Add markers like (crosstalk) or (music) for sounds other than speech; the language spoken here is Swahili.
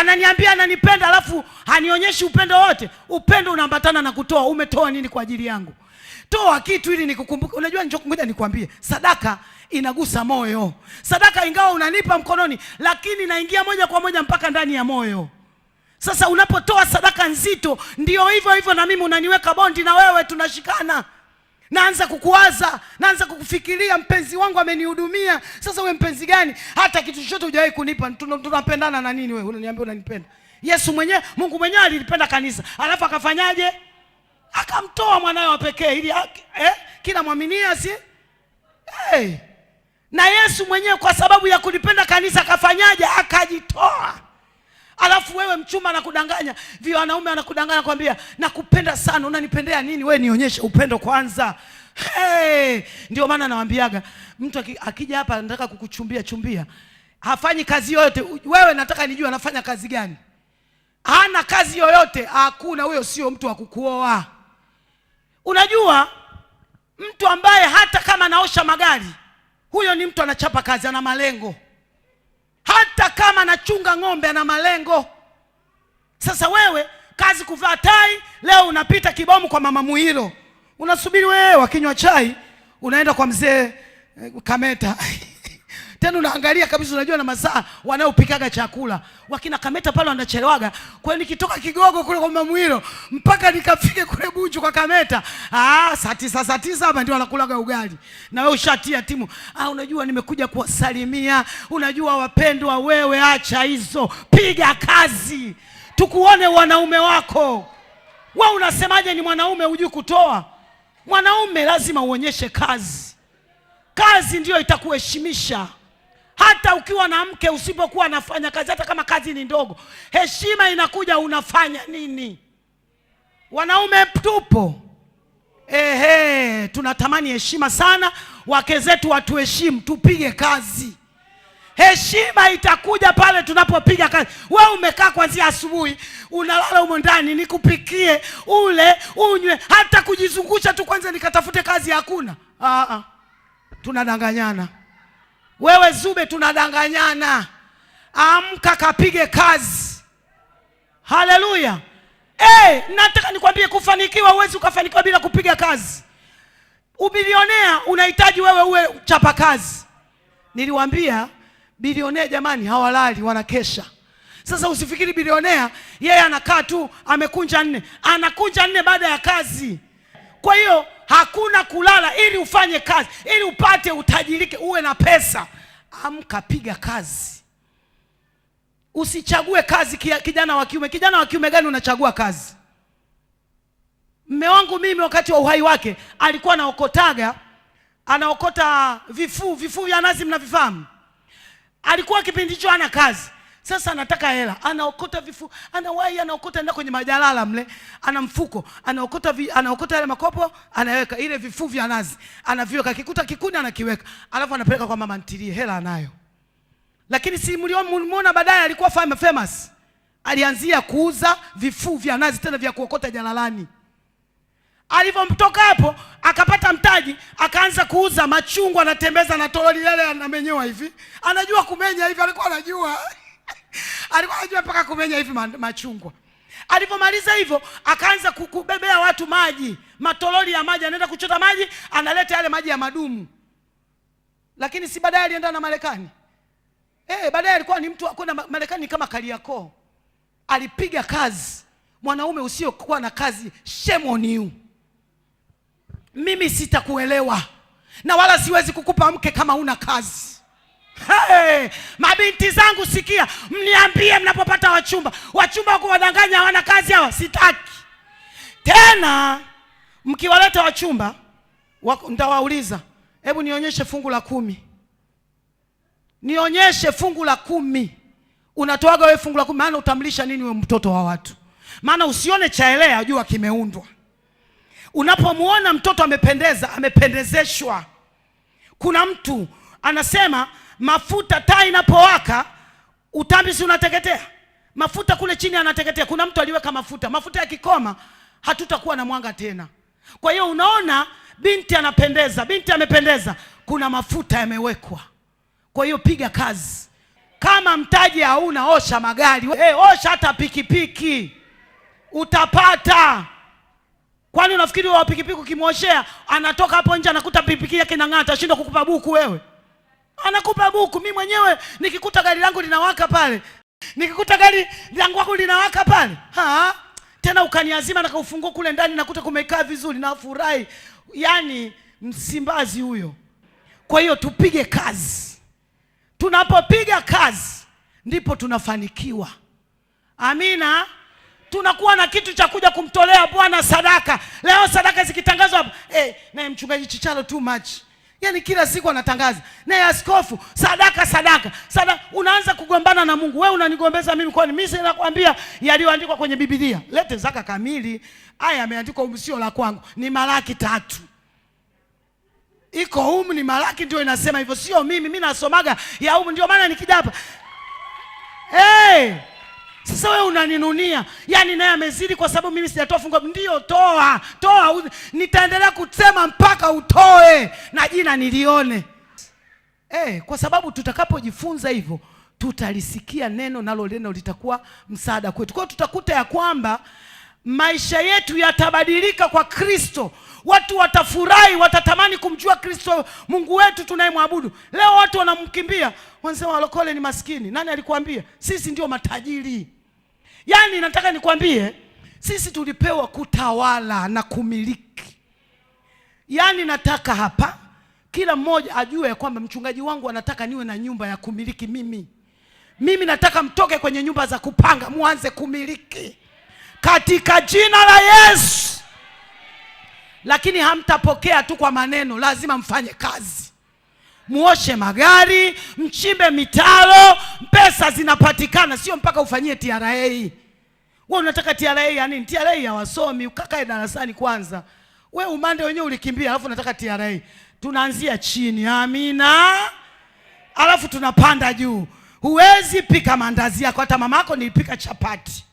ananiambia ananipenda, alafu hanionyeshi upendo wote. Upendo unaambatana na kutoa. Umetoa nini kwa ajili yangu? Toa kitu ili nikukumbuke. Unajua, ngoja nikwambie, sadaka inagusa moyo. Sadaka ingawa unanipa mkononi, lakini inaingia moja kwa moja mpaka ndani ya moyo. Sasa unapotoa sadaka nzito, ndio hivyo hivyo, na mimi unaniweka bondi, na wewe tunashikana naanza kukuwaza, naanza kukufikiria, mpenzi wangu amenihudumia. Sasa we mpenzi gani? Hata kitu chochote hujawahi kunipa, tunapendana na nini? Wewe unaniambia unanipenda? Yesu mwenyewe, Mungu mwenyewe alilipenda kanisa, alafu akafanyaje? Akamtoa mwanawe wa pekee ili eh, kila mwaminia si hey. Eh. Na Yesu mwenyewe kwa sababu ya kulipenda kanisa akafanyaje? Akajitoa. Alafu wewe mchuma anakudanganya, vio wanaume anakudanganya kwambia nakupenda sana. Unanipendea nini? We nionyeshe upendo kwanza. Hey, ndio maana nawaambiaga mtu akija hapa anataka kukuchumbia chumbia, hafanyi kazi yoyote. Wewe nataka nijue anafanya kazi gani? Hana kazi yoyote, hakuna. Huyo sio mtu wa kukuoa. Unajua, mtu ambaye hata kama anaosha magari, huyo ni mtu anachapa kazi, ana malengo. Hata kama anachunga ng'ombe ana malengo. Sasa wewe kazi kuvaa tai, leo unapita Kibomu kwa mama Muhilo, unasubiri wewe wakinywa chai, unaenda kwa mzee eh, Kameta. (laughs) Tena unaangalia kabisa, unajua na masaa wanaopikaga chakula wakina Kameta pale wanachelewaga. Kwa hiyo nikitoka Kigogo kule kwa Mamwiro mpaka nikafike kule Buju kwa Kameta, ah, saa tisa saa tisa hapa ndio wanakulaga ugali, na wewe ushatia timu. Ah, unajua nimekuja kuwasalimia, unajua wapendwa, wewe acha hizo, piga kazi, tukuone wanaume wako. Wewe unasemaje? Ni mwanaume hujui kutoa? Mwanaume lazima uonyeshe kazi. Kazi ndiyo itakuheshimisha. Hata ukiwa na mke, usipokuwa nafanya kazi, hata kama kazi ni ndogo, heshima inakuja. Unafanya nini? Wanaume tupo ehe, tunatamani heshima sana. Wake zetu watuheshimu, tupige kazi. Heshima itakuja pale tunapopiga kazi. We umekaa kwanzia asubuhi, unalala humo ndani, nikupikie ule unywe, hata kujizungusha tu kwanza nikatafute kazi hakuna. Aa, ah, ah. tunadanganyana. Wewe Zube, tunadanganyana. Amka kapige kazi. Haleluya! Hey, eh, nataka nikwambie kufanikiwa, huwezi ukafanikiwa bila kupiga kazi. Ubilionea unahitaji wewe uwe chapa kazi. niliwambia bilionea jamani, hawalali wanakesha. Sasa usifikiri bilionea yeye anakaa tu amekunja nne, anakunja nne baada ya kazi. Kwa hiyo hakuna kulala ili ufanye kazi, ili upate utajirike, uwe na pesa. Amka, piga kazi, usichague kazi. Kijana wa kiume, kijana wa kiume gani unachagua kazi? Mme wangu mimi wakati wa uhai wake alikuwa anaokotaga, anaokota vifuu, vifuu vya nazi mnavifahamu. Alikuwa kipindi hicho hana kazi sasa anataka hela, anaokota vifu, anawahi, anaokota enda kwenye majalala mle, ana mfuko, anaokota vi, anaokota yale makopo, anaweka ile vifu vya nazi, anaviweka kikuta kikuni, anakiweka, alafu anapeleka kwa mama ntilie, hela anayo. Lakini si mliona baadaye alikuwa famous, alianzia kuuza vifu vya nazi tena vya kuokota jalalani. Alivyomtoka hapo akapata mtaji, akaanza kuuza machungwa, anatembeza na toroli yale anamenyewa hivi, anajua kumenya hivi, alikuwa anajua alikuwa anajua mpaka kumenya hivi machungwa. Alipomaliza hivyo, akaanza kubebea watu maji, matololi ya maji, anaenda kuchota maji, analeta yale maji ya madumu. Lakini si baadaye alienda na Marekani eh, baadaye alikuwa ni mtu akwenda Marekani kama Kariakoo, alipiga kazi. Mwanaume usiokuwa na kazi, shame on you. Mimi sitakuelewa na wala siwezi kukupa mke kama una kazi. Hey, mabinti zangu sikia, mniambie mnapopata wachumba. Wachumba wako wadanganya, hawana kazi hawa, sitaki tena. Mkiwaleta wachumba nitawauliza, hebu nionyeshe fungu la kumi, nionyeshe fungu la kumi. Unatoaga wewe fungu la kumi? Maana utamlisha nini wewe mtoto wa watu? Maana usione chaelea, jua kimeundwa. Unapomwona mtoto amependeza, amependezeshwa. Kuna mtu anasema mafuta, taa inapowaka utambi si unateketea, mafuta kule chini anateketea. Kuna mtu aliweka mafuta, mafuta yakikoma hatutakuwa na mwanga tena. Kwa hiyo unaona, binti anapendeza, binti amependeza, kuna mafuta yamewekwa. Kwa hiyo piga kazi. Kama mtaji hauna, osha magari, hey, osha hata pikipiki utapata. Kwani unafikiri wa pikipiki ukimwoshea anatoka hapo nje anakuta pikipiki yake inang'aa, atashindwa kukupa buku wewe? anakupa buku. Mi mwenyewe nikikuta gari langu linawaka pale, nikikuta gari langu linawaka pale ha? tena ukaniazima na kaufungua kule ndani, nakuta kumekaa vizuri na yani yaani msimbazi huyo. Kwa hiyo tupige kazi, tunapopiga kazi ndipo tunafanikiwa. Amina. Tunakuwa na kitu cha kuja kumtolea Bwana sadaka. Leo sadaka zikitangazwa hapa, hey, eh, naye mchungaji Chichalo too much Yaani kila siku anatangaza naye askofu, sadaka sadaka sadaka. Unaanza kugombana na Mungu, wewe unanigombeza mimi, kwani mimi nakwambia yaliyoandikwa kwenye Biblia, lete zaka kamili. Haya yameandikwa, sio la kwangu, ni Malaki tatu iko humu, ni Malaki ndio inasema hivyo, sio mimi. Mimi nasomaga ya humu, ndio maana nikija hapa hey! Sasa wewe unaninunia, yaani naye amezidi kwa sababu mimi sijatoa fungo. Ndio, toa toa, nitaendelea kusema mpaka utoe na jina nilione. Eh, kwa sababu tutakapojifunza hivyo tutalisikia neno, nalo neno litakuwa msaada kwetu. Kwa hiyo tutakuta ya kwamba maisha yetu yatabadilika kwa Kristo. Watu watafurahi, watatamani kumjua Kristo Mungu wetu tunayemwabudu. Leo watu wanamkimbia, wanasema walokole ni maskini. Nani alikwambia? Sisi ndio matajiri. Yaani nataka nikwambie sisi tulipewa kutawala na kumiliki. Yaani nataka hapa kila mmoja ajue kwamba mchungaji wangu anataka niwe na nyumba ya kumiliki mimi. Mimi nataka mtoke kwenye nyumba za kupanga muanze kumiliki katika jina la Yesu. Lakini hamtapokea tu kwa maneno, lazima mfanye kazi muoshe magari, mchimbe mitaro, pesa zinapatikana, sio mpaka ufanyie TRA. Wewe unataka TRA ya nini? TRA ya wasomi, ukakae darasani kwanza. We umande wenyewe ulikimbia, alafu unataka TRA. Tunaanzia chini, amina, alafu tunapanda juu. Huwezi pika mandazi yako, hata mama yako nilipika chapati